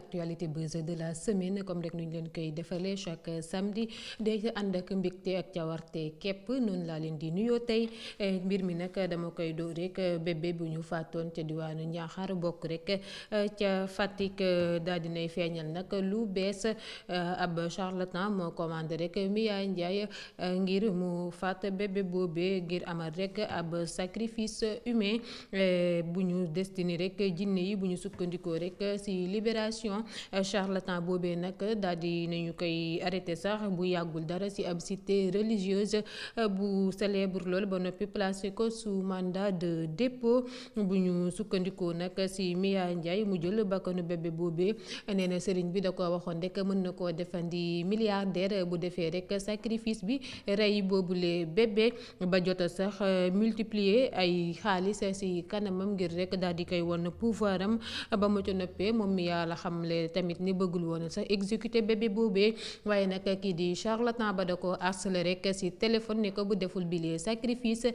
l'actualité buzz de la semaine comme rek nuñ leen koy defalee chaque samedi day ànd ak mbégte ak warte képp noonu laa leen di nuyoo tey eh, mbir mi nag dama koy dóor rek eh, bébé bu ñu faatoon ca diwaanu Ñaaxar bokk rek eh, ca Fatick daal nay feeñal nag lu bees ab charlatan moo commandé rek Miya Ndiaye ngir mu faat bébé boobee ngir amal rek ab sacrifice humain bu ñu destiné rek jinne yi bu ñu sukkandikoo rek ci libération diffamation euh, charlatan boobee nag daal di nañu koy arrêté sax bu yàggul dara ci ab cité religieuse euh, bu célèbre lool ba noppi placé ko sous mandat de dépôt bu ñu sukkandikoo nag ci Mia Ndiaye mu jël bakkanu bébé boobee nee na sëriñ bi da ko waxoon rek mën na koo defandi milliardaire bu defee rek sacrifice bi rey boobule bébé ba jot sax euh, multiplier ay xaalis ci kanamam ngir rek daal di koy won pouvoir ba mu noppee moom mi yàlla xam xamle tamit ni bëggul woon sax exécuté bébé boobee waaye nag kii di charlatan ba da ko harcelé rek si téléphone ne ko bu deful bile sacrifice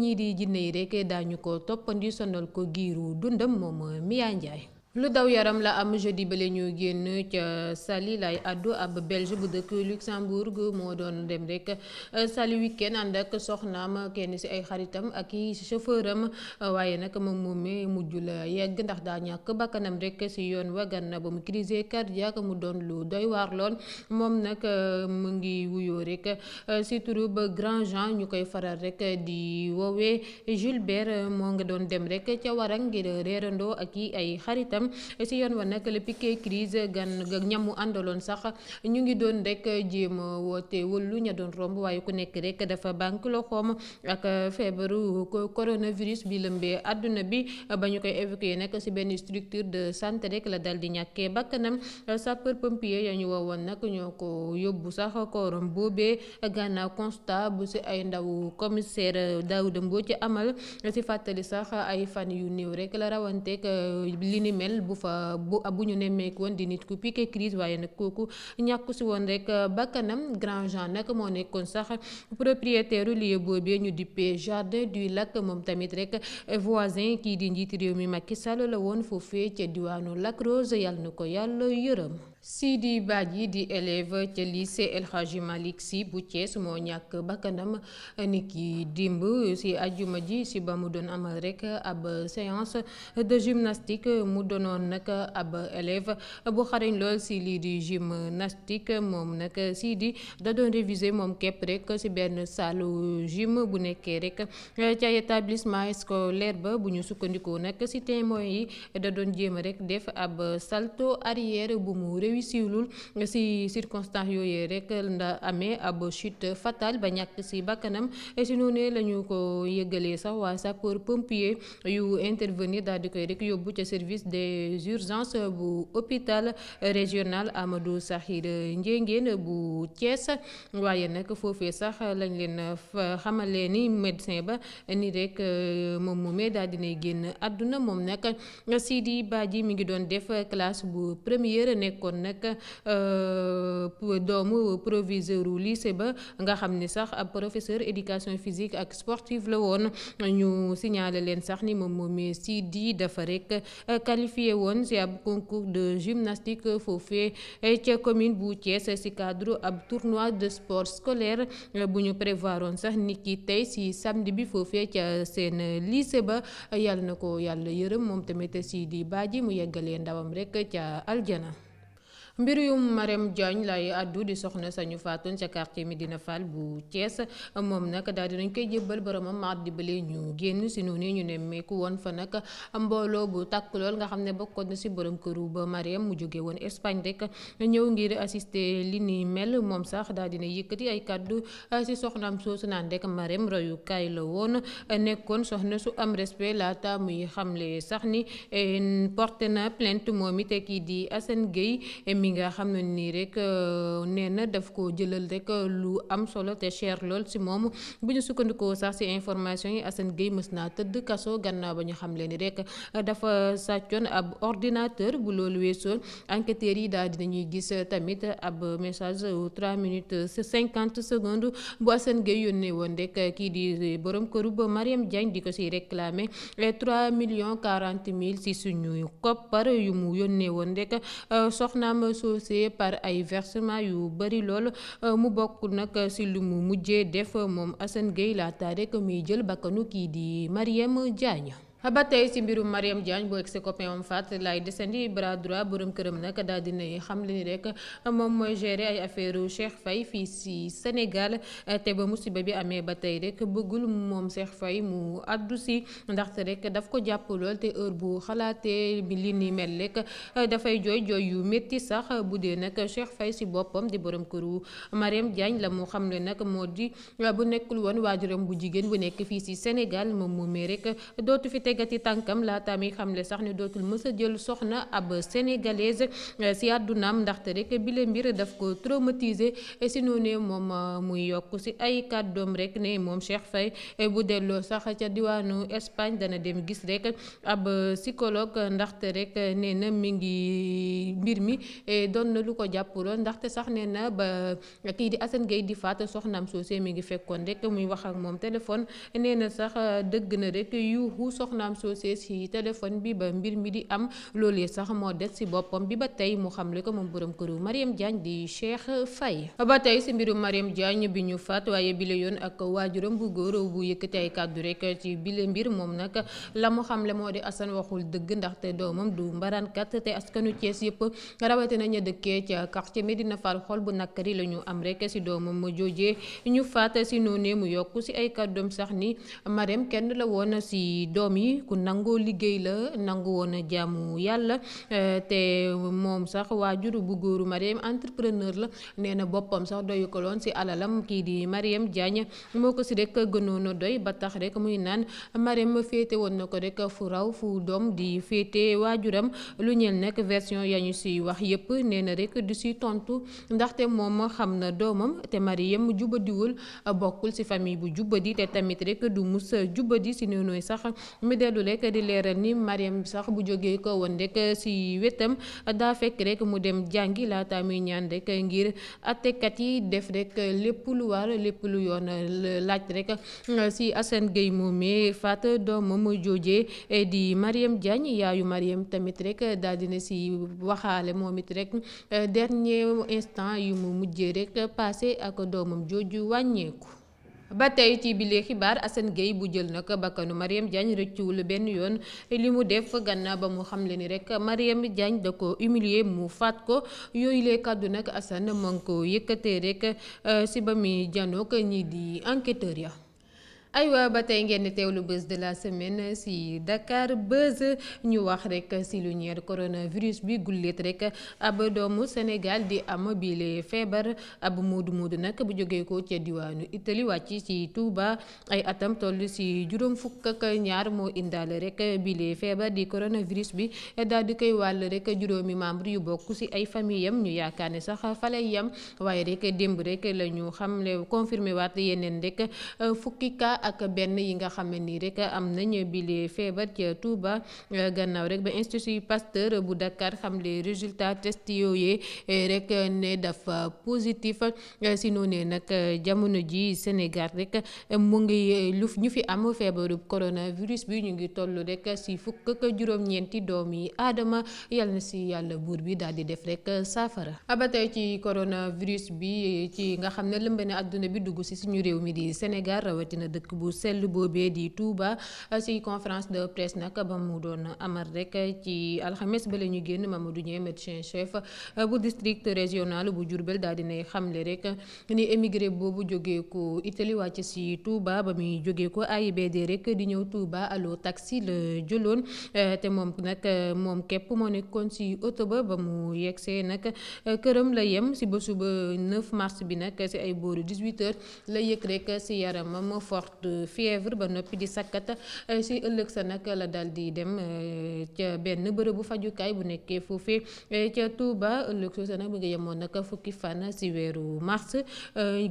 ñii di jinne yi rek daañu ko toppandi sonal ko giiru dundam moom Mia Ndiaye lu daw yaram la am jeudi bale ñu génn ca Saly lay addu ab belge bu dëkk Luxembourg moo doon dem rek euh, Saly weekend ànd ak soxnaam kenn ci ay xaritam ak i chauffeuram euh, waaye nag moom moomee mujj la yegg ndax daa ñàkk bakkanam rek ci yoon wa na ba mu crise cardiaque mu doon lu doy waar lool moom nag euh, mu ngi wuyoo rek ci turu ba Grand Jean ñu koy faral rek di woowee Gilbert moo nga doon dem rek ca Warang ngir reerandoo ak i ay xaritam. itam si yoon wa nag le piqué crise gan ñamu àndaloon sax ñu ngi doon rek jéem woote wëllu ña doon romb waaye ku nekk rek dafa banque loxoom ak feebaru coronavirus bi lëmbee àdduna bi ba ñu koy évacuer nag si benn structure de santé rek la dal di ñàkkee bakkanam sapeur pompier ya ñu woon nag ñoo ko yóbbu sax kooram boobee gannaaw constat bu si ay ndaw commissaire Daouda Mbodj ci amal si fàttali sax ay fan yu néew rek la rawanteeg euh, li bu fa bu bu ñu nemmeeku woon di nit ku piqué crise waaye nag kooku ñàkku si woon rek euh, bakkanam Grand Jean nag moo nekkoon sax propriétaire lieu boobee ñu dippee jardin du lac moom tamit rek voisin kii di njiit réew mi mag ki la woon foofee ca diwaanu Lac Rose yàlla na ko yàlla yërëm. Sidi Badji di élève ca lycée El Hadji Malick Sy bu Thiès moo ñàkk bakkanam ni ki dimb si ajuma ji si ba mu doon amal rek ab séance de gymnastique mu doonoon nag ab élève bu xarañ lool si lii di gymnastique Sidi da doon réviser moom képp rek si benn saalu gym bu nekkee rek ca établissement scolaire ba bu ñu sukkandikoo nag si témoin yi da doon jéem rek def ab salto arrière bu mu réussirul si circonstances yooyu rek nda amee ab chute fatale ba ñàkk si bakkanam si noonu la ñu ko yëgalee sax waa sapeur pompier yu intervenir daal di koy rek yóbbu ca service des urgences bu hôpital régional amado Amadou Sakhir Ndiéngéen bu Thiès waaye nag foofee sax lañ leen xamalee ni médecin ba ni rek euh, moom moomee daal dinay génn àdduna moom nag Sidi Badji mi ngi doon def classe bu première nekkoon. xam nag euh, doomu proviseur u lycée ba nga xam ni sax ab professeur éducation fisique ak sportive la woon ñu signalé leen sax ni moom moom moomee si di dafa rek euh, qualifié woon si ab concours de gymnastique foofee euh, ca commune bu Thiès si cadre ab tournoi de sport scolaire bu ñu prévoir woon sax nit ki tey si samedi bi foofee ca seen lycée ba yàlla na ko yàlla yërëm moom tamit si di baaji mu yeggalee ndawam rek ca aljana mbir yu Marème Diagne lay addu di soxna sañu faatoon ca quartier Medina Fall bu Thiès moom nag daal dinañ koy jébbal boromam mardi bële ñu génn si noonu ñu ne nemmeeku woon fa nag mbooloo bu tàkk lool nga xam ne bokkoon na si borom këru ba Marème mu jóge woon Espagne rek ñëw ngir assister li ni mel moom sax daal dina yëkkati ay kàddu ah, si soxnaam soosu naan rek Marème royukaay la woon nekkoon soxna su am respect laata muy xamle sax ni eh, porte na plainte moom it kii di Assane Gueye mi nga xam ne nii rek euh, nee na daf ko jëlal rek euh, lu am solo te cher lool si moom bu ñu sukkandikoo sax si information yi Assane Gueye mës naa tëdd kaso gannaaw ba ñu xam leen ni rek euh, dafa sàccoon ab ordinateur bu loolu weesoo enquêteurs yi daal dina ñuy gis tamit ab message 3 minutes 50 secondes bu Assane Gueye yónnee woon rek kii di boroom këru ba Mariam Diagne di ko siy réclamer 3 millions 40 mille si suñu koppar yu mu yónnee woon rek soxnaam. saucé par ay versement yu bëri lool euh, mu bokk nag si lu mu mujjee def moom Assane Gueye laata rek muy jël bakkanu kii di Marième Diagne ba tey ci mbirum Mariam Diagne bu ex copain am faat lay desandi bras boroom këram nag daal di nay xam li ni rek moom mooy gérer ay affaire Cheikh fay fii ci senegal te ba musiba bi amee ba tey rek bëggul moom Cheikh Faye mu addu si rek daf ko jàpp heure bu xalaatee bi li ni mel rek dafay jooy jooy yu métti sax bu dee nag Cheikh Faye ci boppam di borom këru Mariam Diagne la mu xam ne nag moo di bu nekkul woon waajuram bu jigéen bu nekk fii ci Sénégal moom moomee rek dootu fi tegati tànkam laata mi xamle sax ni dootul mës a jël soxna ab sénégalaise euh, si am ndaxte rek bile mbir daf ko traumatisé si noonu moom euh, muy yokk si ay kàddoom rek ne moom Cheikh Faye euh, bu delloo sax ca diwaanu Espagne dana dem gis rek ab psychologue ndaxte rek nee na mi ngi mbir mi doon na lu ko jàppaloon ndaxte sax nee na ba kii di Assane Gueye di faat soxnaam soosee mi ngi fekkoon rek muy wax ak moom téléphone nee sax dëgg na rek yuuxu soxna soxnaam soosee si téléphone bi ba mbir mi di am loolee sax moo des si boppam bi ba tey mu xamle ko moom borom këru Mariam Diagne di Cheikh Faye ba tey si mbiru Mariam Diagne bi ñu faat waaye bile yoon ak waajuram bu góor bu yëkkati ay kàddu rek ci mbir moom nag la mu xamle moo di Assane waxul dëgg ndaxte doomam du mbaraankat te askanu Thiès yëpp rawatina ña dëkkee ca quartier Medina Fall xol bu nakkari la ñu am rek si doomam noonee mu yokk si ay kàddoom sax ni Mariam kenn la woon si doom yi ni ku nangoo liggéey la nangu woon a jaamu yàlla eh, te moom sax waajur bu góoru Mariam entrepreneur la nee na boppam sax doyu ko loon si alalam kii di Mariam Diagne moo ko si rek gënoon a doy ba tax rekk muy naan Mariam féete woon na ko rek fu raw fu doom di féete waajuram lu ñeel nag version yaa ñu si wax yëpp nee na rek du si tontu ndaxte moom xam na doomam te Mariam jubadiwul bokkul si famille bu jubadi te tamit rek du mus jubadi si noonu dellu rek di leeral ni Mariam sax bu jógee ko woon rek si wetam daa fekk rekk mu dem jàngi laata muy ñaan rek ngir attekat yi def rek lépp lu war lépp lu yoon laaj rek si Assane Gueye moomee faat doomam joojee di Mariam Diagne yaayu Mariam tamit rek daal na si waxaale moom it rek dernier instant yu mu mujjee rek passé ak doomam jooju wàññeeku ba tey ci bile xibaar Assane Gueye bu jël nag bakkanu Mariam Diagne rëccuwul benn yoon li mu def gannaaw ba mu xamle ni rek Mariam Diagne da ko humilier mu faat ko yooyu lee kàddu nag Assane moo ngi yëkkatee rek euh, si ba muy janook ñii di enquêteur ya aywa ba tey ngeen di teewlu buzz de la semaine si Dakar buzz ñu wax rek si lu ñeer coronavirus bi gulleet rek ab doomu Sénégal di am bile feebar ab moodu moodu nag bu jógee ko ca diwaanu Italie wàcc si Touba ay atam toll si juróom fukk ak ñaar moo indaale rek bile feebar di coronavirus bi daal di koy wàll rek juróomi membre yu bokk si ay famille yam ñu yaakaar ne sax falay yam waaye rek démb rek la ñu xamle confirmé waat yeneen rek fukki cas ak benn yi nga xam ne nii rek am nañ bile feebar ca Touba eh, gannaaw rek ba institut Pasteur bu Dakar xam les résultats test yooyu eh, rek ne dafa positif eh, si noonu nag jamono ji Sénégal rek mu ngi lu ñu fi am feebaru coronavirus bi ñu ngi toll rek si fukk ak juróom-ñeenti doomi aadama yal na si yàlla buur bi daal di def rek saafara ah, ba tey ci coronavirus bi ci nga xam ne lëmbe na àdduna bi dugg si suñu réew mi di Sénégal rawatina dëkk bu sell boobee di Touba si conférence de presse nag ba mu doon amal rek ci alxames ba la ñu génn Mamadou Ndiaye médecin chef bu district régional bu Diourbel daal dinay xamle rek ni émigré boobu jógee ko Italie wàcc ci Touba ba muy jógee ko AIBD rek di ñëw Touba allo taxi la jëloon te moom nag moom képp moo nekkoon ci oto ba ba mu yegsee nag këram la yem ci bésu ba 9 mars bi nag ci ay booru 18 la yëg rek ci yaramam fort de fièvre ba noppi di sakkat eh, si ëllëg sa nag la daal di dem eh, ca benn bërëbu fajukaay bu nekkee foofee eh, ca Touba ëllëg soo sa nag bu yemoon nag fukki fan si weeru mars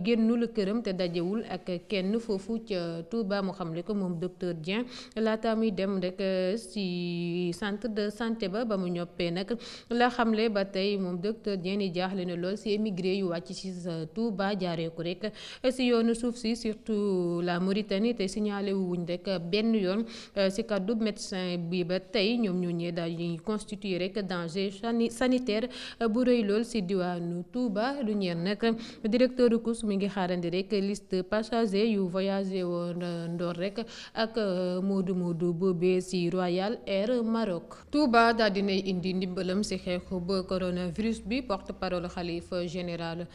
génnul këram te dajewul ak kenn foofu ca Touba mu xamle ko moom docteur Dieng laata muy dem rek si centre de santé ba ba mu ñoppee nag la xamle ba tey moom docteur Dieng ni jaaxle na lool si émigré yu wàcc si Touba jaaree ko rek si yoonu suuf si surtout la Mauritanie te signalé wuñ rek benn yoon si euh, kaddu médecin bi ba tey ñoom ñoo ñee daal di constitué rek danger sanitaire euh, bu rëy lool si diwaanu Touba lu ñeen nag directeur COUS mi ngi xaarandi rek liste passager yu voyagé woon euh, ndoor rek ak moodu moodu boobee si Royal Air Maroc. Touba daal dinay indi ndimbalam si xeexu ba coronavirus bi porte parole xalifa général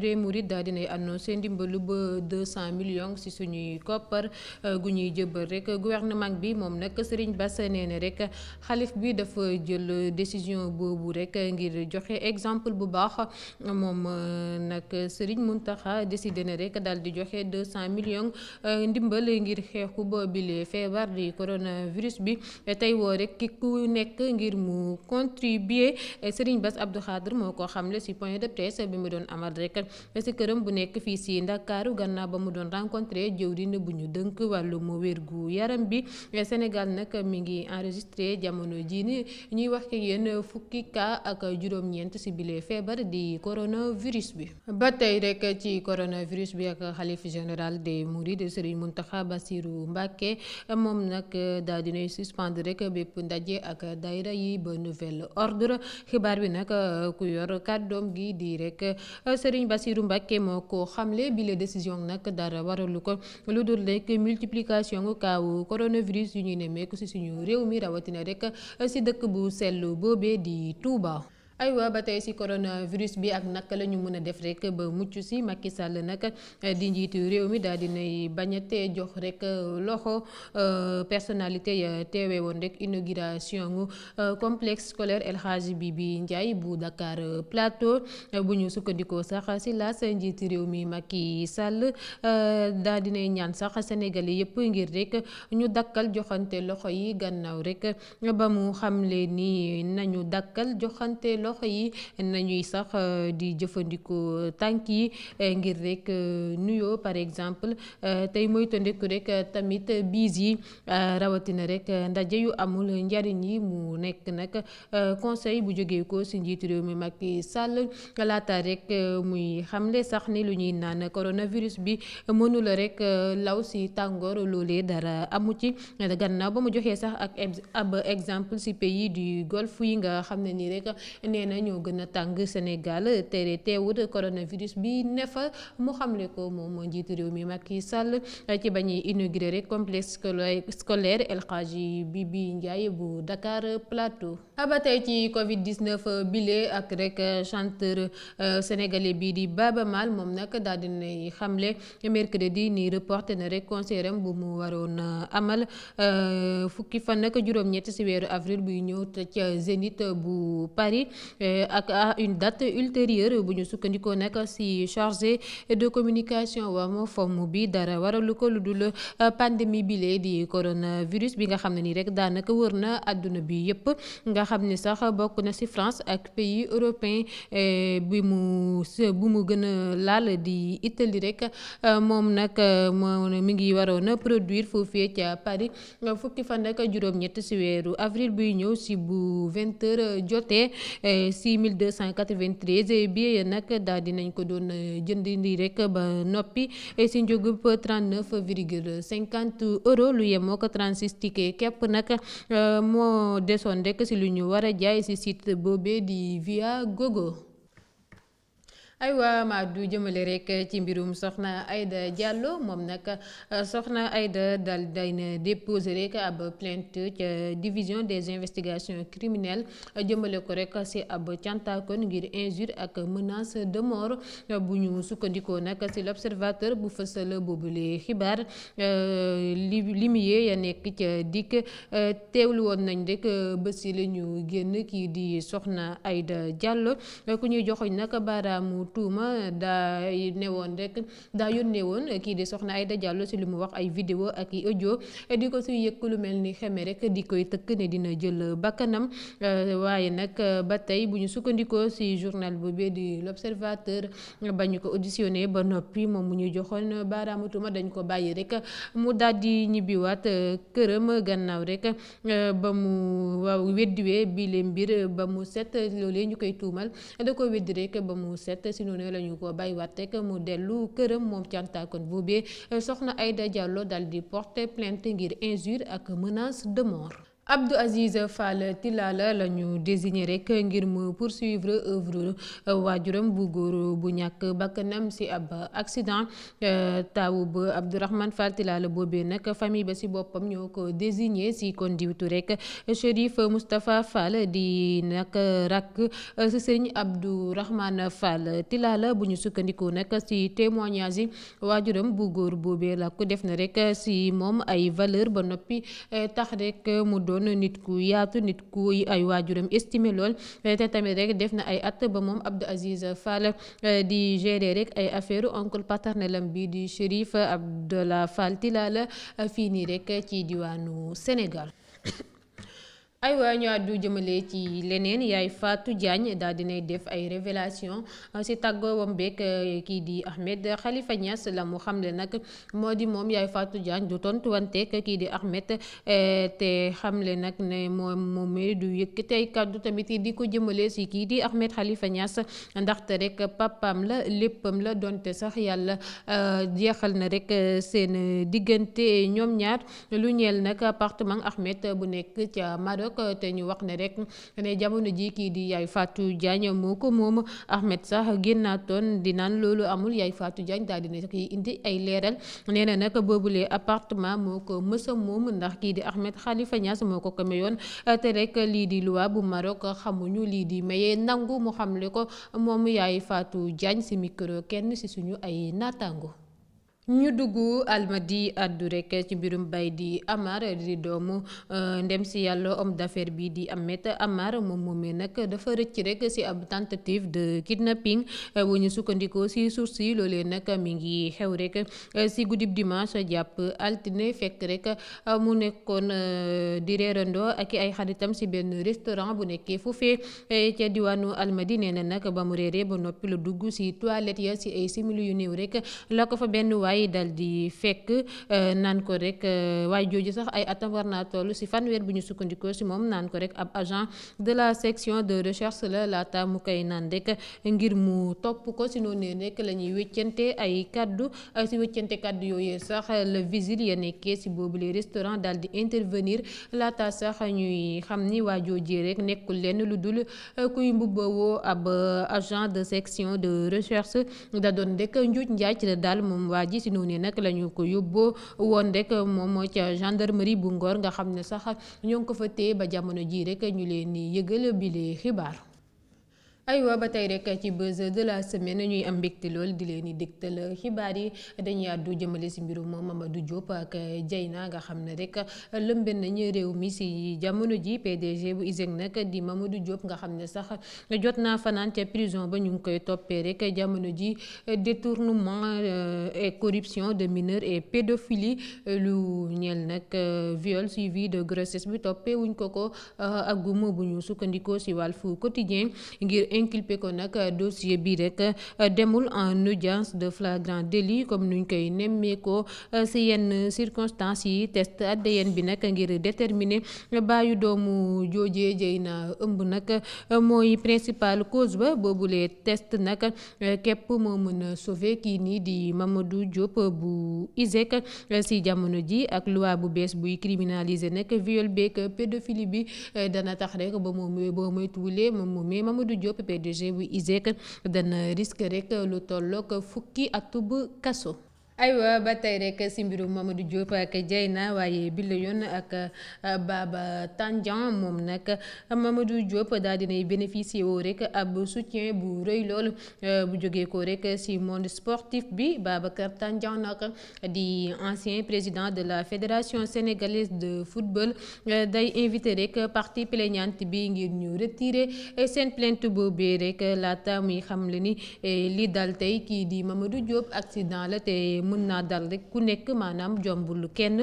des Mourides daal dinay annoncé ndimbalu ba 200 millions si suñuy. koppar euh, gu ñuy jëbal rek gouvernement bi moom nag Serigne Bass nee na rek xalif bi dafa jël décision boobu rek ngir joxe exemple bu baax moom euh, nag mun taxa décidé na rek daal di joxe 200 millions euh, ndimbal ngir xeexu boobile feebar di coronavirus bi tey woo rek ki ku nekk ngir mu contribuer Serigne Bass Abdou Khadre moo ko xamle ci point de presse bi mu doon amal rek ci këram bu nekk fii ci Ndakaaru gannaaw ba mu doon rencontré jëwriñ campagne bu ñu dënk wàllum wér gu yaram bi Sénégal nag mu ngi enregistré jamono jii ni ñuy wax ki yéen fukki cas ak juróom-ñeent si bile feebar di coronavirus bi. ba tey rek ci coronavirus bi ak xalif général des Mourides Serigne Mountakha Bassirou Mbacké moom nag daal dinay suspendre rek bépp ndaje ak daayira yi ba nouvel ordre xibaar bi nag ku yor kàddoom gi di rek Serigne Bassirou Mbacké moo ko xamle bile décision nag dara waralu ko lu dul rek multiplication kaawu coronavirus yu ñuy nemmeeku ci suñu réew mi rawatina rek ci dëkk bu sell boobee di Touba. aywa ba tey si coronavirus bi ak naka la ñu mën a def rek ba mucc si Macky sàll nag eh, di njiitu réew mi daal nay bañate jox rek eh, loxo eh, personnalité ya teewe woon rek inauguration complexe scolaire El bi bi njaay bu Dakar Plateau bu ñu sukkandikoo sax si laas njiitu réew mi Macky Sall daal dinay ñaan sax Sénégalais yëpp ngir rek ñu dakkal joxante loxo yi gannaaw rek ba mu xamle ni nañu dakkal joxante loxo yi nañuy sax euh, di jëfandikoo tànk yi euh, ngir rek euh, nuyoo par exemple tey moytandiku rekk tamit biis yi rawatina rek ndaje yu amul njariñ yi mu nekk nag conseil bu jógee ko ci njiitu réew mi Macky Sall laata rek muy xamle sax ni lu ñuy naan coronavirus bi mënula rek law ci tàngoor loolee dara amu ci gannaaw ba mu joxee sax ak ab exemple ci pays du Golfe yi nga xam ne nii rek. nee na ñoo gën a tàng Sénégal te teewut coronavirus bi ne mu xamle ko moom moo njiitu réew mi Macky Sall ci ba ñuy inauguré rek complexe scolaire El Hadji Bibi Ndiaye bu Dakar Plateau. ba tey ci Covid 19 bile ak rek chanteur euh, sénégalais bii di Baba Maal moom nag daal dinay xamle mercredi ni reporté na rek concert am bu mu waroon amal euh, fukki fan nag juróom-ñett si weeru avril buy ñëw ca Zénith bu Paris. Euh, ak à une date ultérieure bu ñu sukkandikoo nag si chargé de communication wam fomm bi dara waralu ko lu dul euh, pandémie bi lee di coronavirus bi nga xam ne nii rek daanaka wër na àdduna bi yëpp nga xam ni sax bokk na si France ak pays européen euh, bi mu se bu mu gëna a laal di Italie rek moom nag moo mi ngi waroon a produire foofee ca Paris fukki fan ak juróom-ñett si weeru avril buy ñëw si bu vingt jotee. six mille deux cent quatre vingt nag daal dinañ ko doon euh, jënd nii rek ba noppi si njëgub trente-neuf virgule cinquante euro lu moo ko trente-six ticket képp nag euh, moo desoon rek si lu ñu war a jaay si site boobee di Viagogo aywa du jëmale rek ci mbirum soxna Aida jàlloo moom nag soxna Aida dal day na déposé rek ab plainte ca division des investigations criminelles jëmale ko rek si ab cantakon ngir injure ak menace de mort bu ñu sukkandikoo nag si l' observateur bu fësal boobule xibaar li limier ya nekk ca dikk teewlu woon nañ rek bés yi la ñu génn kii di soxna Aida Diallo ku ñuy joxoñ nag baaraamu. am tuuma daa newoon rek daa yónnee woon kii di soxna Aïda Diallo si li mu wax ay vidéo ak i audio di ko suy yëkk lu mel ni xeme rek di koy tëkk ne dina jël bakkanam euh, waaye nag ba tey bu ñu sukkandikoo si journal boobee di l'observateur ba ñu ko auditionné ba noppi moom mu ñu joxoon baaraamu tuuma dañ ko bàyyi rek mu daal di ñibbiwaat euh, këram gannaaw rek euh, ba mu waaw weddiwee bi leen mbir ba mu set loolee ñu koy tuumal da ko weddi rek ba mu set si noonu la ñu ko bàyyiwaat rek mu dellu këram moom cantaakon boobee soxna ay Diallo dal di porter plainte ngir injure ak menace de mort. Abdou Aziz Fall Tilala lañu ñu désigné rek ngir mu poursuivre œuvre euh, waajuram bu góor bu ñàkk bakkanam ci ab accident euh, taawu ba Abdourahmane Fall Tilala boobee nag famille ba ci boppam ñoo ko désigné ci kon diwtu rek Chérif Moustapha Fall di nag rakk euh, ci sëriñ Abdourahmane Fall Tilala bu ñu sukkandikoo nag ci témoignage waajuram bu góor boobee la def na rek ci moom ay valeur ba noppi tax rek mu doon doon nit ku yaatu nit ku ay waajuram estimé lool te tamit rek def na ay at ba moom Abdou Aziz Fall eh, di gérer rek ay affaire oncle paternel am bi di Chérif Abdallah Fall Tilala eh, fii nii rek ci diwaanu Sénégal aywa ñu àddu jëmale ci leneen yaay faatu Diagne daal dinay def ay révélation taggoo euh, tàggoowam beeg euh, kii di Ahmed xalifa Niass la mu xamle nag moo di moom yaay faatu Diagne du tontuwanteeg kii di Ahmed euh, te xamle nag ne moom moomee du yëkk tey kàddu tamit di ko jëmale si kii di Ahmed Khalifa Niass ndaxte rek papam la léppam la donte sax yàlla jeexal na rek seen diggante ñoom ñaar lu ñeel nag appartement Ahmed bu nekk ca Maroc ko te ñu wax ne rek ne jamono ji kii di yaay Fatou Diagne moo ko moom Ahmed sax génnaatoon di naan loolu amul yaay faatu Diagne daal dina koy indi ay leeral nee na nag boobule appartement moo ko mës moom ndax kii di Ahmed Khalifa Niass moo ko ko mayoon te rek lii di loi bu Maroc xamuñu lii di maye nangu mu xam xamle ko moom yaay Fatou Diagne si micro kenn si suñu ay naataango. ñu dugg almadi addu rek ci mbirum bay di Amar di doomu euh, ndem si yàlla homme d'affaires bii di am Ameth Amar moom moom moomee nag dafa rëcc rek si ab tentative de kidnapping euh, bu ñu sukkandikoo si source yi loolee nag mi ngi xew rek euh, si guddib dimanche jàpp altine fekk rek mu nekkoon di reerandoo ak i ay xaritam si benn restaurant bu nekkee foofee ca diwaanu almadi nee na nag ba mu reeree ba noppi la dugg si toilette ya si ay simili yu néew rek waay dal di fekk euh, naan ko rek euh, waa jooju sax ay atam war naa toll si fanweer bu ñu sukkandikoo si moom naan ko rek ab agent de la section de recherche la laata mu koy naan rek ngir mu topp ko si noonu rek la ñuy wéccante ay kaddu si wéccante kaddu yooyu sax le vigile ya si boobu les restaurants daal di intervenir laata sax ñuy xam ni waa nekkul lu dul euh, section doon rek njuuj njaaj la daal moom waa ji si noonu nag la ñu ko yóbboo woon rek moom moo ca gendarmerie bu Ngor nga xam ne sax ñoo ngi ko fa téye ba jamono jii rek ñu leen di yëgal bi lee xibaar. aywa ba tey rek ci buzz de la semaine ñuy am mbégte lool di leen di dégtal xibaar yi dañuy àddu jëmale si mbirum Mamadou Diop ak naa nga xam ne rek lëmbe nañu réew mi si jamono ji PDG bu ISEG nag di Mamadou Diop nga xam ne sax jot naa fanaan ca prison ba ñu ngi koy toppee rek jamono ji détournement euh, et corruption de mineurs et pédophilie lu ñeel nag euh, viol suivi de grossesse bi toppee wuñ ko ko euh, ak gumo bu ñu sukkandikoo si Walf Quotidien ngir. inculpé ko nag dossier bi rek demul en audience de flagrant délit comme nuñ koy nemmeekoo euh, si yenn circonstances yi test ADN bi nag ngir déterminer baayu doomu joojee jëy na ëmb nag mooy principal cause ba boobulee test nag euh, képp moo mën a kii nii di Mamadou Diop bu ISEC euh, si jamono ji ak loi bu bees buy criminaliser nag viol beeg pédophilie bi dana tax rek ba moom boo moytuwulee moom moomee Mamadou Diop PDG bu ISEC dana risque rek lu tolloog fukki atub kaso. aywa ba tey rek si mbirum Mamadou Diop ak na waaye bi la yoon ak euh, Baba Tandian moom nag Mamadou Diop daal dinay bénéficier woo rek ab soutien bu rëy lool euh, bu jógee ko rek si monde sportif bi Babacar Tandian nak di ancien président de la fédération sénégalaise de football euh, day invité rek partie plaignante bi ngir ñu retire seen plainte boobee rek laata muy xam le ni li dal tey kii di Mamadou Diop accident la te mën naa dal rek ku nekk maanaam jombul kenn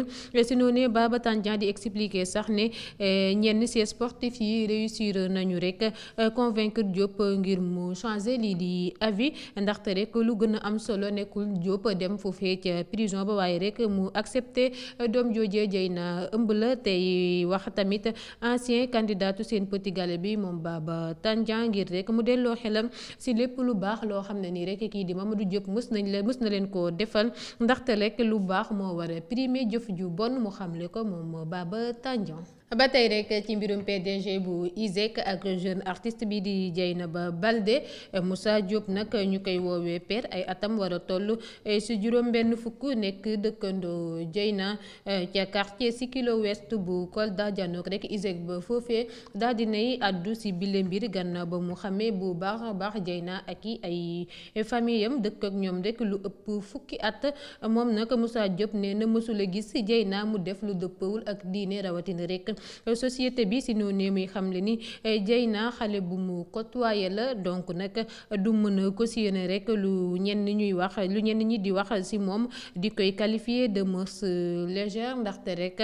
si noonee baaba Tandian di expliquer sax ne eh, ñenn si sportif yi réussir nañu rek eh, convaincre Diop ngir mu changer lii di avis ndaxte rek lu gën a am solo nekkul Diop dem foofee ca ba waaye rek mu accepter eh, doom joojee jëy na ëmb la tey wax tamit ancien candidat seen petit gallé bi moom Baba tanjan ngir rek mu delloo xelam si lépp lu baax loo xam ne nii rek kii di Mamadou Diop mës nañ la mës na leen ko defal ndaxte lekk lu baax moo war a primé jëf ju bon mu xam xamle ko moom Baba Tandian ba tey rek ci mbirum PDG bu ISEC ak jeune artiste bi di ba balde Moussa Diop nag ñu koy woowee per ay atam war a toll eh, si juróom-benn fukk nekk dëkkandoo Dieyna eh, ca quartier kilo Ouest bu Kolda janook rek ISEC ba foofee daldi di nay addu si bile mbir gannaaw ba mu xamee bu baax a baax Dieyna ak i ay famille am dëkk ak ñoom rek lu ëpp fukki at moom nag Moussa Diop nee na mësula gis Dieyna mu def lu dëppawul ak diine rawatina rek. Euh, société bi si noonu muy xamle ni euh, jay naa xale bu mu côtoyé la donc nag euh, du mën a cautionner rek lu ñenn ñuy wax lu ñenn ñi di wax si moom di koy qualifier de mœurs légères ndaxte rek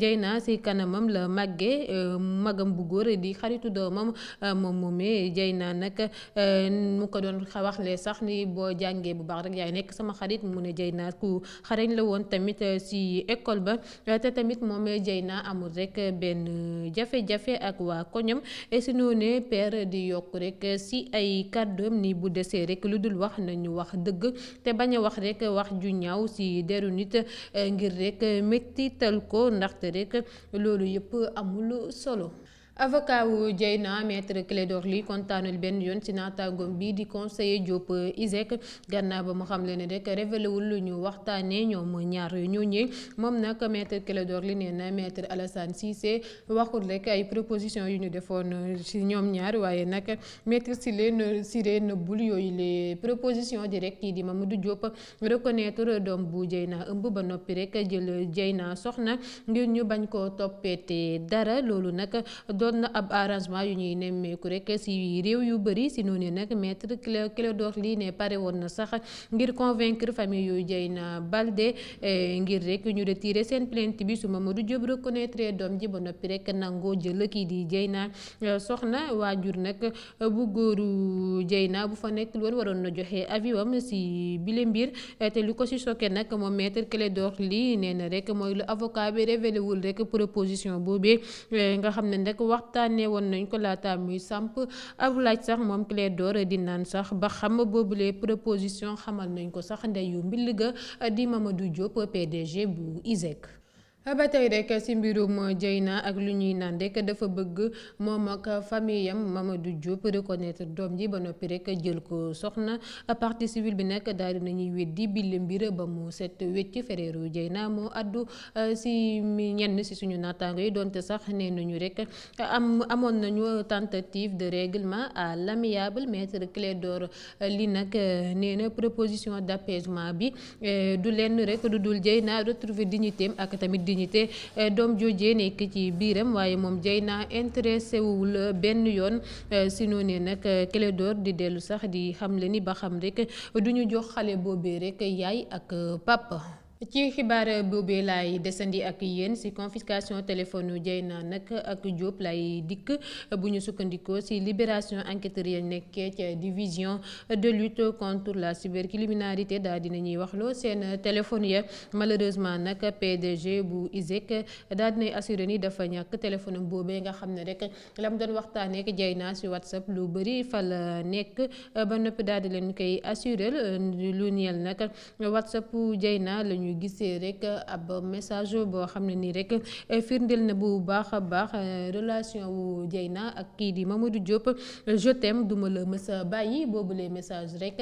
jay naa si kanamam la màggee magam bu góor di xaritu doomam moom jay naa nag mu ko doon waxlee sax ni boo jàngee bu baax rek yaay nekk sama xarit mu ne jay naa xarañ la tamit si école ba amul rek. benn jafe-jafe ak waa koñom si noonee père di yokk rek si ay kàddoom ni bu desee rek lu dul wax nañu wax dëgg te bañ a wax rekk wax ju ñaw si deru nit ngir rek méttital ko ndaxte rek loolu yëpp amul solo avocat wu Dieyna maître Clédor Ly kontaanul benn yoon ci naataangoom bii di conseiller Diop ISEC gannaaw ba mu xamle ne rek révélé wul lu ñu waxtaanee ñoom ñaar ñoo ñëwee moom nag maître Clédor li nee na maître Alassane Cissé waxul rek ay proposition yu ñu defoon ci ñoom ñaar waaye nag maître Siré Siré nëbbul yooyu les propositions direct yi di du Diop reconnaître doom bu Dieyna ëmb ba noppi a jël Dieyna soxna ngir ñu bañ koo toppeete dara loolu nag. doon na ab arrangement yu ñuy nemmeeku rek si réew yu bëri si noonu nag maître Clédor Ly ne pare woon na sax ngir convaincre famille yooyu Dieyna Baldé eh, ngir rek ñu retirer seen plainte bi suma su Mamadou Diop reconnaître doom ji ba noppi rek nangoo jël kii di Dieyna eh, soxna waajur nag bu góoru Dieyna bu fa nekk loolu waroon na joxe avis am si bile mbir eh, te lu ko si sokke nag moom maître Clédor Ly nee na rek mooy lu avocat bi révélé wul rek proposition waxtaane woon nañ ko laata muy samp ab laaj sax moom Clédor di naan sax ba xam boobule proposition xamal nañu ko sax ndeyu mbill ga di Mamadou Diop PDG bu ISEC. ba tey rek ci mbirum naa ak lu ñuy naan rek dafa bëgg moom ak famille am Mamadou Diop reconnaître doom ji ba noppi rek jël ko soxna partie civile bi nag daal di nañuy weddi bile mbir ba mu set wecc fereeru Dieyna moo si euh, mi ñenn si suñu naataango yi donte sax nee nañu rek am amoon nañu tentative de règlement à l'amiable maître door li nag euh, nee na proposition d'apaisement bi euh, du lenn rek du dul Dieyna retrouver dignité am ak tamit. dignité euh, doom joojee nekk ci biiram waaye moom Dieyna intéressé wul euh, benn yoon euh, si noonee nag Clédor di dellu sax di xamle ni ba xam rek du ñu jox xale boobee rek yaay ak papa. ci xibaar boobee laay desandi ak yéen si confiscation téléphone Dieyna nag ak Diop lay dikk bu ñu sukkandikoo si libération enquêteurs ya nekkee ca division de lutte contre la cybercriminalité daal dina ñuy waxloo seen téléphone ya malheureusement nag PDG bu ISEC di dinay assuré ni dafa ñàkk téléphone boobee nga xam ne rek lam doon waxtaanee ak naa si WhatsApp lu bëri fal nekk ba noppi daal di leen koy assuré lu ñeel nag WhatsApp Dieyna lañu ñu gisee rek ab message boo xam ne nii rek firndeel na bu baax a baax euh, relation wu Dieyna ak kii di Mamadou Diop je t'aime duma la mës bàyyi bàyyi boobule message rek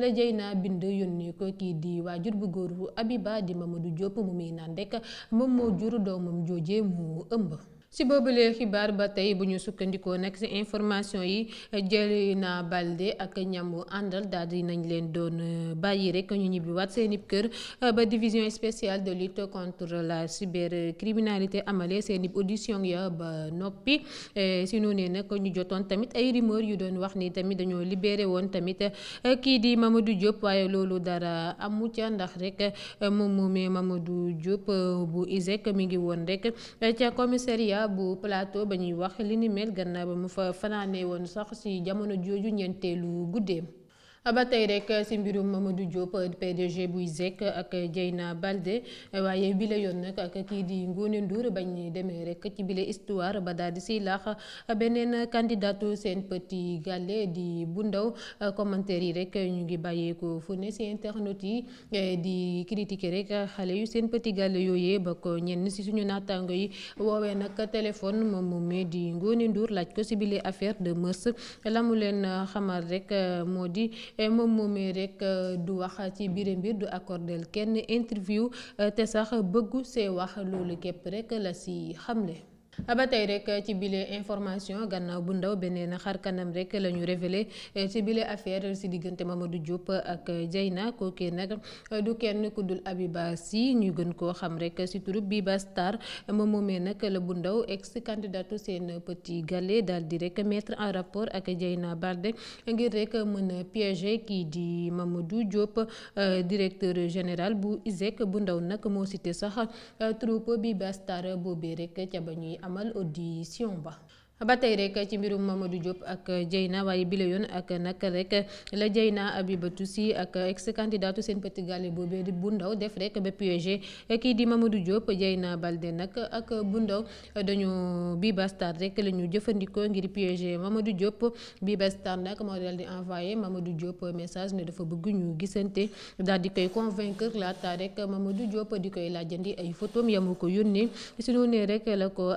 la naa bind yónnee ko kii di waa jur bu góor bu Abiba di Mamadou Diop mu muy naan rek moom moo jur doomam jooje mu ëmb. ci lee xibaar ba tey bu ñu sukkandikoo nag ci information yi Dieyna Baldé ak ñam wu àndal daal di nañ leen doon euh, bàyyi rek ñu ñibbiwaat seen ib kër euh, ba division spéciale de lutte contre la cybercriminalité amalee seen ib audition ya ba noppi euh, si noonee nag ñu jotoon tamit ay rumeur yu doon wax ni tamit dañoo libéré woon tamit kii di du Diop waaye loolu dara amu ca ndax rek moom moomee Mamadou Diop bu ISEC mi ngi woon rek ca commissariat. média bu plateau ba ñuy wax li ni mel gannaaw ba mu fa fanaane woon sax ci jamono jooju ñeenteelu guddeem Ah, ba tey rek si mbirum Mamadou Diop PDG bu ISEC ak Dieyna Baldé waaye bi yoon nag ak kii di Ngoné Ndour bañ demee rek ci bile histoire ba daal di siy laax beneen candidatu seen petit gàllé di bu ndaw commentaire yi rek ñu ngi bàyyeekoo fu ne si internet yi eh, di critiquer rek xale yu seen petit gàllé yooyee ba ko ñenn si suñu naataango yi woowee nag téléphone moom moomee di Ngoné Ndour laaj ko si bile affaire de mœurs la mu leen xamal rek eh, moo di. Eh, moom moomee rek eh, du wax ci biir mbir du accordel kenn interview eh, te sax bëggu see wax loolu képp rekk la ci xamle. Ah, ba tey rek ci bile information gannaaw bu ndaw beneen xar kanam rek la ñu révélé ci bile affaire si diggante ma du Diop ak Dieyna kookee nag du kenn ku dul Abiba Sy ñu gën koo xam rek si turub bi Star moom moomee nag la bu ndaw ex candidatu seen petit galet daal di rek mettre en rapport ak Dieyna Baldé ngir rek mën a piéger kii di Mamadou euh, directeur général bu e bu ndaw nag moo cité euh, Star boobee rek ca ba amal audition ba ba tey rek ci mbirum Mamadou Diop ak na waaye bile yoon ak nag rek la Dieyna Abibou Sy ak ex candidatu seen petit gallé boobee bu ndaw def rek ba piégé kii di Mamadou Diop Dieyna Baldé nag ak bu ndaw dañu bii bastar rek la ñu jëfandikoo ngir piégé Mamadou Diop bii bastar nag moo dal di envoyé Mamadou Diop message ne dafa bëgg ñu gisante daal di koy convaincre laata rek Mamadou Diop di koy laajandi ay photos yamu ko yónnee suñu nee rek la ko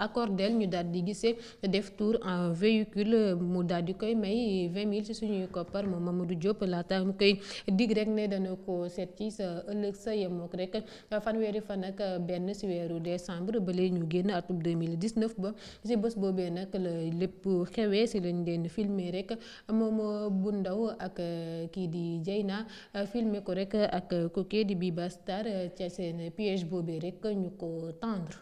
accordel ñu daal di gisee. def tour en véhicule mu daal di koy may vingt mille ci suñuy koppar moom Mamadou Diop laata mu koy dig rek ne dana ko seet ci sa ëllëg sa yemook rek fanweeri fan ak benn ci weeru décembre ba ñu génn deux atum 2019 ba ci bés boobee nag la lépp xewee si lañ leen filmer rek moom bu ndaw ak eh, kii di Dieyna eh, filmer ko rek ak coquet di Biba Star eh, ca seen piège boobee rek ñu ko tendre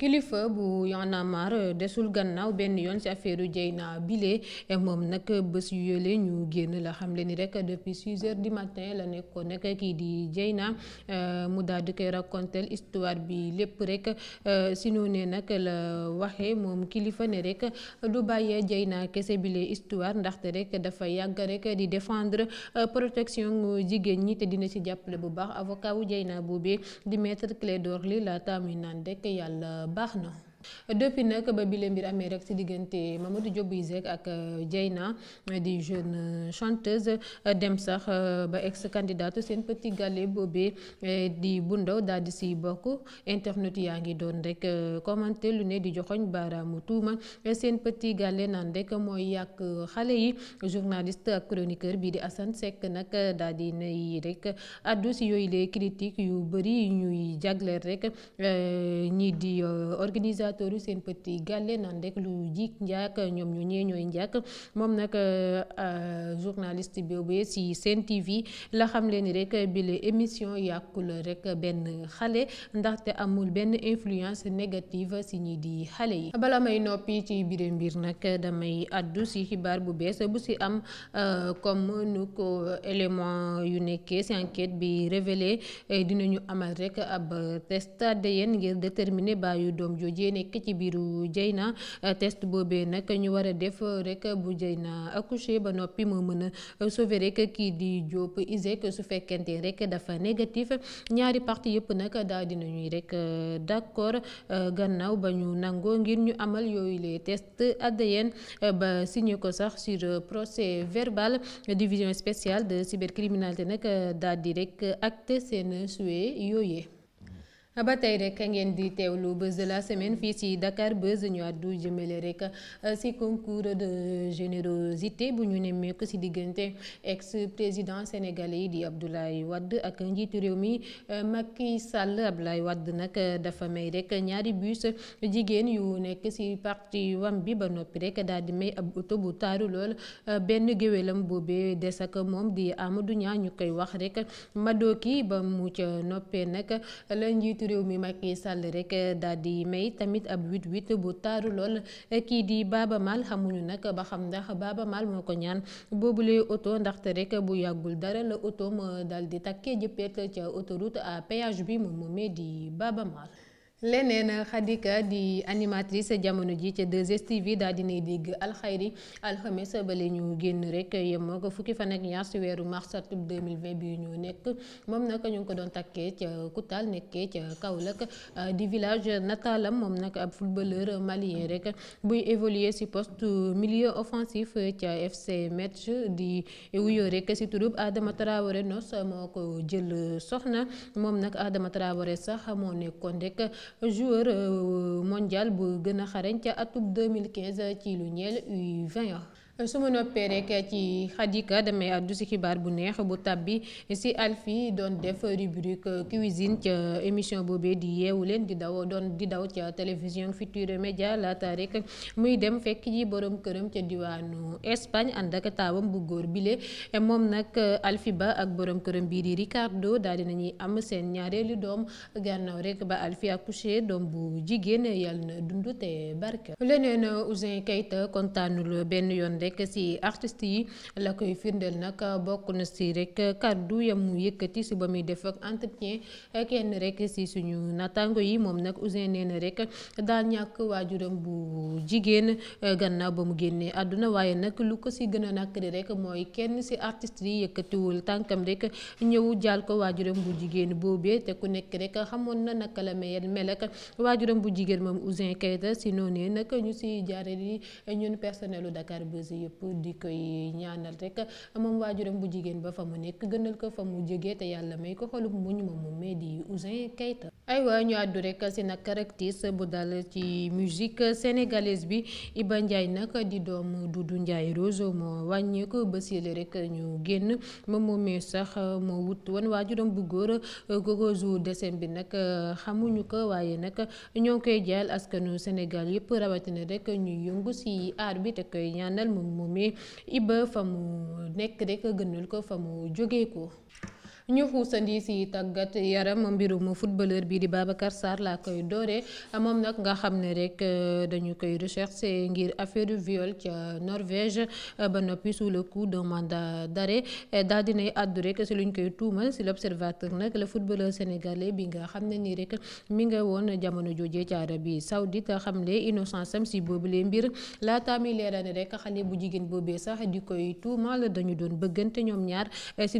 kilifa bu Y'en euh, desul gannaaw benn yoon ci affaire Dieyna bile moom nag bés yu yële ñu génn la xam le ni rek depuis 6 heures du matin la nekkoon nag kii di Dieyna euh, mu daal di koy raconter histoire bi lépp rek euh, si noonee nag la waxee moom kilifa ne rek du bàyyee Dieyna kese bile histoire ndaxte rek dafa yàgg rek di défendre protection jigéen ñi te dina ci jàppale bu baax avocat wu boobee di maître Clédor Ly la taamu naan rek baax na depuis nag ba bile mbir amee rek ci diggante Mamadou Diop Iseg ak euh, Dieyna euh, di jeune euh, chanteuse dem sax ba ex candidate seen petit gallé boobee di bu ndaw daal di si bokk internet yaa ngi doon rek commenter lu ne di joxoñ baaraamu tuuma seen petit gallé naan rek mooy yàq xale yi journaliste ak chroniqueur bii di Assane Seck nag daal di nay rek addu si yooyu les critiques yu bëri ñuy jagleel rek ñii di organiser. fondateur yu seen petit gàlle naan rek lu jiig njaak ñoom ñu ñee ñooy njaak moom nag euh, euh, journaliste boobee si seen TV la xam leen ni rek bile émission yàqul rek benn xale ndaxte amul benn influence négative si ñi di xale yi bala may noppi ci biir mbir nag damay addu si xibaar bu bees bu si am euh, comme nu ko élément yu nekkee si enquête bi révélé dinañu amal rek ab test ADN ngir déterminer baayu doom joojee nekk ci biiru na euh, test boobee nag ñu war def euh, rek bu jëy na accouché ba noppi moo mën a euh, sauver rek kii di Diop ISEG su fekkente rek dafa négatif ñaari parti yëpp nag daal dina ñuy rek d'accord gannaaw ba ñu nangoo ngir ñu amal yooyu les tests ADN ba signé ko sax sur procès verbal division spéciale de cybercriminalité nag daal di rek acté seen souhait yooyee ba tey rek ngeen di teewlu buzz de la semaine fii si Dakar buzz ñu àddu jëmale rek euh, ci concours de générosité bu ñu nemmeeku ci diggante ex président sénégalais yi di Abdoulaye Wade ak njiitu réew mi mag euh, Macky Sall lay wadd nag euh, dafa may rek ñaari bus jigéen yu nekk ci parti wam bi ba noppi rekk daal may ab oto bu taaru lool benn géwélam boobee des ak moom di Amadou Niang ñu koy wax madoo ki ba mu ca noppee nag la njiit njiitu réew mi mag Sall rek daal di may tamit ab 8 wit bu taaru lool kii di Baaba Maal xamuñu nag ba xam ndax Baaba Maal moo ko ñaan boobule oto ndaxte rek bu yàggul dara la oto ma daal di takkee jëppeet ca autoroute à péage bi moom moomee di Baaba Maal. leneen Khadika di animatrice jamono ji ca 2STV daal dinay dégg alxayri alxames bale ñu génn rek yemoo ko fukki fan ak ñaar si weeru mars atum 2020 bi ñu nekk moom nag ñu ngi ko doon takkee ca Koutal nekkee ca Kaolack euh, di village natalam moom nag ab footballeur malien rek buy évoluer si poste million offensif ca FC Metz di wuyoo rek si turub Adama Traoré nos moo ko jël soxna moom nag Adama Traoré sax moo nekkoon rek. joueur euh, mondial bu gën a xarañ ca atub 2015 ci lu ñeel U20. su ma noppee a ci xadika damay àddu si xibaar bu neex bu tàbbi si Alphie doon def rubrique cuisine ca émission boobee di yeewu leen di daw doon di daw ca télévision Futurs Médias laata rek muy dem fekk ji boroom këram ca diwaanu Espagne ànd ak taawam bu góor bile moom nag Alphie ba ak borom këram bii di Ricardo daal di nañuy am seen ñaareelu doom gannaaw rek ba Alphie accouché doom bu jigéen yàlla na dund te barke leneen Ouzin Keita kontaanul rek si artistes yi la koy firndeel nag bokk na si rek kàddu ya mu yëkkati si ba muy def ak entretien kenn rek si suñu natango yi moom nag Ouzin nee na rek daal ñàkk waajuram bu jigéen gannaaw ba mu génnee àdduna waaye nag lu ko si gën a nàkkari rek mooy kenn si artistes yi yëkkatiwul tànkam rek ñëw jaal ko waajuram bu jigéen boobee te ku nekk rek xamoon na naka la mel waajuram bu jigéen moom Ouzin Keita si noonee nag ñu si jaaree ñun personnelu Dakar Buzz yëpp di koy ñaanal rek moom waajuram bu jigéen ba fa mu nekk gënal ko fa mu jógee te yàlla may ko xolub muñ moom mu mee di Ouzin Keita aywa ñu àddu rek si nag caractère bu dal ci musique sénégalaise bi Iba Ndiaye nag di doomu Doudou Ndiaye Rose moo wàññeeku ba siile rek ñu génn ma moo mee sax moo wut woon waajuram bu góor gogozu dessin bi nag xamuñu ko waaye nag ñoo koy jaal askanu Sénégal yëpp rawatina rek ñu yëngu si aar bi te koy ñaanal moom moomee iba fa mu nekk rek gënal ko fa mu jóge ko ñu xuusandi si tàggat yaram mbirum footballeur bii di Babacar Sarr laa koy doore moom nag nga xam ne rek euh, dañu koy recherché ngir affaire viol ca Norvège euh, ba noppi suula le coup d'un mandat d'arrêt daal dinay àddu rek si luñ koy tuumal si l'observateur nag le footballeur sénégalais bi nga xam ne ni rek mi nga woon jamono jooje ca Arabie xam xamle innocence am si boobule mbir laataa mi leeral rek xale bu jigéen boobee sax di koy tuumal dañu doon bëggante ñoom ñaar si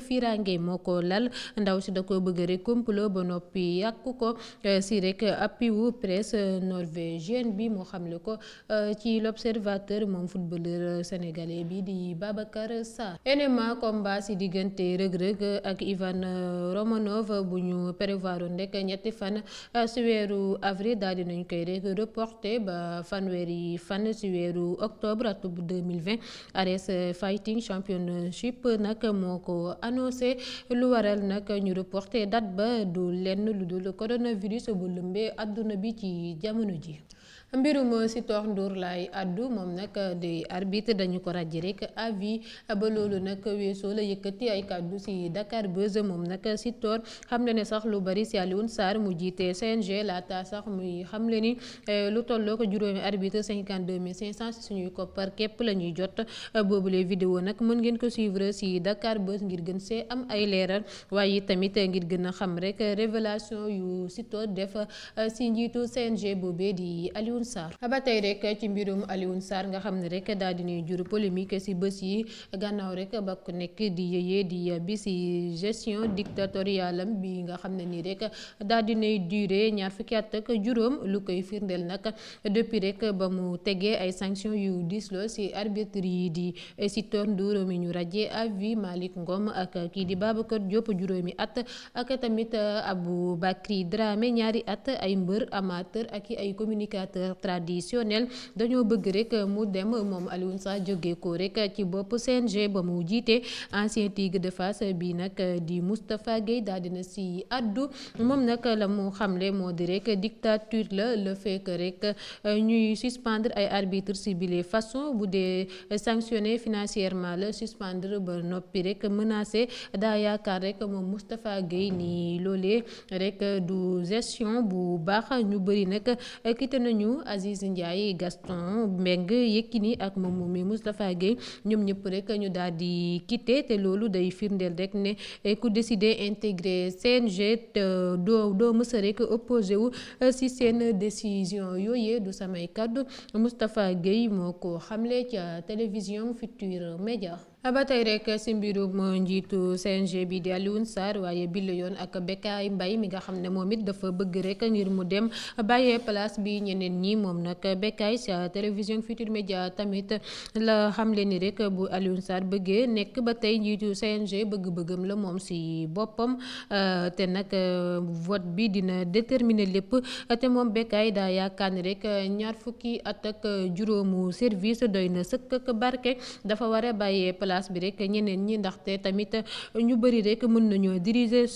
firange moo ko lal ndaw si da ko bëgg rek complot ba noppi yàq ko eh, si rek appiwu presse norvégienne bi moo xam xamle ko eh, ci l'observateur moom footballeur sénégalais bi di Babacar Sarr enema combat si diggante rëg-rëg ak Ivan Romanov bu ñu prévoiroon rek ñetti fan eh, si weeru avril daal dinañ koy rek reporté ba fanweeri fan si weeru octobre atum Ares Fighting Championship nag moo ko annoncé lu waral nag ñu reporté date ba du lenn lu dul coronavirus bu lëmbee àdduna bi ci jamono ji. mbirum Sitor Ndour lay addu moom nag di arbitre dañu ko ràjji rek avis ba loolu nag weesoo la yëkkati ay kàddu si Dakar Buzz moom nag Sitor xam ne ne sax lu bari si Alioune Sarr mu jiite CNG laata sax muy xam le ni eh, lu tolloo ko juróomi arbitre 52 500 si suñuy koppar képp la ñuy jot boobule vidéo nag mën ngeen ko suivre si Dakar Buzz ngir gën see am ay leeral waaye tamit ngir gën a xam rek révélation yu Sitor def eh, si njiitu CNG boobee di Alioune Alioune Sarr ba tey rek ci mbirum Alioune Sarr nga xam ne rek daal dinay jur polémique si bés yi gannaaw rek ba ku nekk di yëyee di bi si gestion dictatoriale bi nga xam ne nii rek daal dinay duré ñaar fukki at ak juróom lu koy firndeel nag depuis rek ba mu tegee ay sanction yu disloo si arbitre yi di Sitor Ndour mi ñu rajee avis Malick Ngom ak kii di Babacar Diop juróomi at ak tamit Aboubacry Dramé ñaari at ay mbër amateur ak i ay communicateur traditionnel dañoo bëgg rek mu dem moom Alioune Sarr jóge ko rek ci bopp CNG ba mu jiite ancien Tigre de Fass bi nag di Moustapha Guèye daal dina si addu moom nag la mu xamle moo di rek dictature la le fait que rek euh, ñuy suspendre ay arbitre si bile façon bu dee sanctionné financièrement la suspendre ba noppi rek menacé daa yaakaar rek moom Moustapha Guèye nii loolee rek du gestion bu baax ñu bëri nag quitté nañu Aziz Ndiaye Gaston Mbengue Yekini ak moom moom mi Moustapha Guèye ñoom ñëpp rek ñu daal di quitté te loolu day firndeel rek ne eh, ku décidé intégré CNG euh, doo doo mës a rek opposé euh, si seen décision yooyee du samay kàddu Moustapha Guèye moo ko xamle ca télévision Futurs Médias ba tey rek si mbirum njiitu CNG bi di Alioune Sarr waaye bi la yoon ak Bécaye mbay mi nga xam ne moom it dafa bëgg rek ngir mu dem bàyyee place bi ñeneen ñi moom nag Bécaye sa télévision Futurs Médias tamit la xamle ni rek bu Alioune Sarr bëggee nekk ba tey njiitu CNG bëgg-bëggam la moom si boppam euh, te nag euh, vote bi dina déterminer lépp te moom Bécaye daa yaakaar ni rekk ñaar fukki at ak juróomu service doy na sëkk ak barke dafa war a bàyyee classe bi rek ñeneen ñi ndaxte tamit ñu bëri rek mën nañoo diriger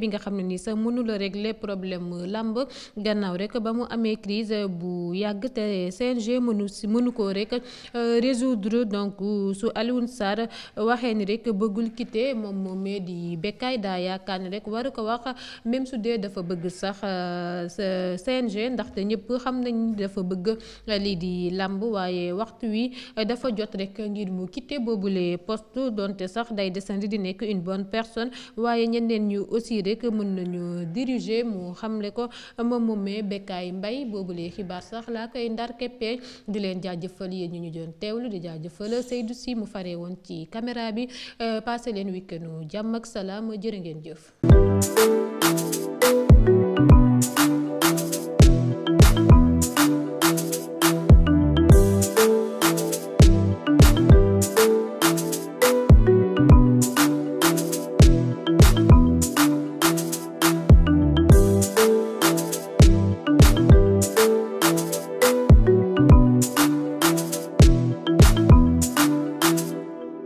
bi nga xam ne nii sax mënula régler problème làmb gannaaw rek ba mu amee crise bu yàgg te CNG mënu si mënu ko rek euh, résoudre donc su Alioune sar waxee ni rek bëggul quitter moom moom moomee di Bécaye daa yaakaar ni rek waru ko wax même su dee dafa bëgg sax euh, CNG ndaxte ñëpp xam nañ dafa bëgg lii di làmb waaye waxtu wi dafa jot rek ngir mu quitter boobule des donte sax day desandi di nekk une bonne personne waaye ñeneen ñu aussi rek mën nañu diriger mu xamle ko moom moomee Bécaye Mbaye boobulee xibaar sax laa koy ndar keppee di leen jaajëfal yéen ñu ñu doon teewlu di jaajëfal Seydou Si mu faree woon ci caméra bi euh, passé leen week-end jàmm ak salaam jërë ngeen jëf